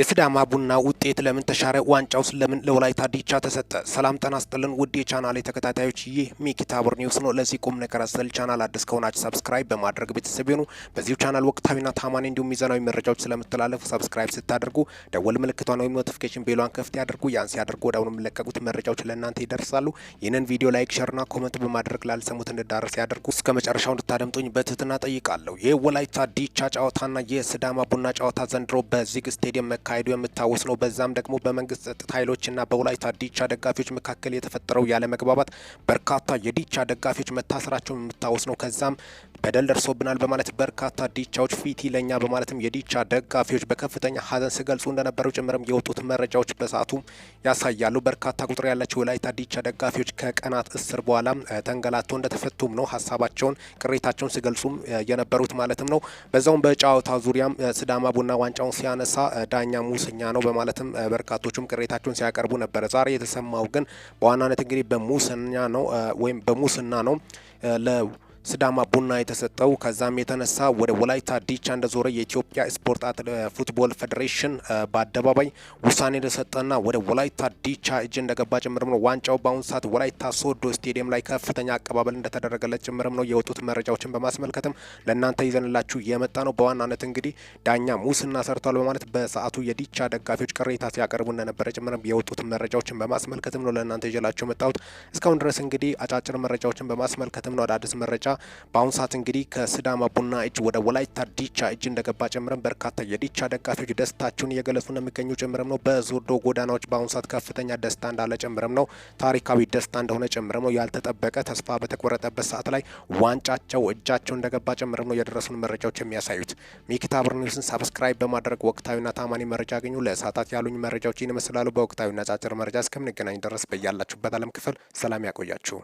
የስዳማ ቡና ውጤት ለምን ተሻረ? ዋንጫውስ ለምን ለወላይታ ዲቻ ተሰጠ? ሰላም ጤና ይስጥልን ውድ የቻናሌ ተከታታዮች፣ ይህ ሚኪታቡር ኒውስ ነው። ለዚህ ቁም ነገር አዘል ቻናል አዲስ ከሆናችሁ ሰብስክራይብ በማድረግ ቤተሰብ ይሁኑ። በዚሁ ቻናል ወቅታዊና ታማኒ እንዲሁም ሚዛናዊ መረጃዎች ስለምትላለፉ ሰብስክራይብ ስታደርጉ ደወል ምልክቷን ወይም ኖቲፊኬሽን ቤሏን ከፍት ያድርጉ። ያን ሲያደርጉ ወደ አሁኑ የሚለቀቁት መረጃዎች ለእናንተ ይደርሳሉ። ይህንን ቪዲዮ ላይክ፣ ሸርና ኮመንት በማድረግ ላልሰሙት እንድዳረስ ያደርጉ። እስከ መጨረሻው እንድታደምጡኝ በትህትና ጠይቃለሁ። የወላይታ ዲቻ ጨዋታና የስዳማ ቡና ጨዋታ ዘንድሮ በዚግ ስቴዲየም መካሄዱ የምታወስ ነው። በዛም ደግሞ በመንግስት ጸጥታ ኃይሎችና በወላይታ ዲቻ ደጋፊዎች መካከል የተፈጠረው ያለመግባባት በርካታ የዲቻ ደጋፊዎች መታሰራቸውን የምታወስ ነው። ከዛም በደል ደርሶብናል በማለት በርካታ ዲቻዎች ፊት ይለኛ በማለትም የዲቻ ደጋፊዎች በከፍተኛ ሀዘን ሲገልጹ እንደነበሩ ጭምርም የወጡት መረጃዎች በሰዓቱ ያሳያሉ። በርካታ ቁጥር ያላቸው ወላይታ ዲቻ ደጋፊዎች ከቀናት እስር በኋላ ተንገላቶ እንደተፈቱም ነው ሀሳባቸውን፣ ቅሬታቸውን ሲገልጹም የነበሩት ማለትም ነው። በዛውም በጨዋታ ዙሪያም ስዳማ ቡና ዋንጫውን ሲያነሳ ዳኛ ሙስኛ ነው በማለትም በርካቶቹም ቅሬታቸውን ሲያቀርቡ ነበረ። ዛሬ የተሰማው ግን በዋናነት እንግዲህ በሙስኛ ነው ወይም በሙስና ነው ስዳማ ቡና የተሰጠው። ከዛም የተነሳ ወደ ወላይታ ዲቻ እንደዞረ የኢትዮጵያ ስፖርት ፉትቦል ፌዴሬሽን በአደባባይ ውሳኔ እንደሰጠና ወደ ወላይታ ዲቻ እጅ እንደገባ ጭምርም ነው። ዋንጫው በአሁኑ ሰዓት ወላይታ ሶዶ ስቴዲየም ላይ ከፍተኛ አቀባበል እንደተደረገለት ጭምርም ነው የወጡት መረጃዎችን በማስመልከትም ለእናንተ ይዘንላችሁ የመጣ ነው። በዋናነት እንግዲህ ዳኛ ሙስና ሰርቷል በማለት በሰዓቱ የዲቻ ደጋፊዎች ቅሬታ ሲያቀርቡ እንደነበረ ጭምርም የወጡት መረጃዎችን በማስመልከትም ነው ለእናንተ ይዤላችሁ መጣሁት። እስካሁን ድረስ እንግዲህ አጫጭር መረጃዎችን በማስመልከትም ነው አዳዲስ መረጃ በአሁኑ ሰዓት እንግዲህ ከሲዳማ ቡና እጅ ወደ ወላይታ ዲቻ እጅ እንደገባ ጭምርም በርካታ የዲቻ ደጋፊዎች ደስታቸውን እየገለጹ እንደሚገኙ ጨምረም ነው። በዞዶ ጎዳናዎች በአሁኑ ሰዓት ከፍተኛ ደስታ እንዳለ ጨምረም ነው። ታሪካዊ ደስታ እንደሆነ ጨምረም ነው። ያልተጠበቀ ተስፋ በተቆረጠበት ሰዓት ላይ ዋንጫቸው እጃቸው እንደገባ ጨምረም ነው የደረሱን መረጃዎች የሚያሳዩት። ሚኪታ ብርኒውስን ሳብስክራይብ በማድረግ ወቅታዊና ታማኒ መረጃ ያገኙ። ለእሳታት ያሉኝ መረጃዎች ይመስላሉ። በወቅታዊና ጫጭር መረጃ እስከምንገናኝ ድረስ በያላችሁበት አለም ክፍል ሰላም ያቆያችሁ።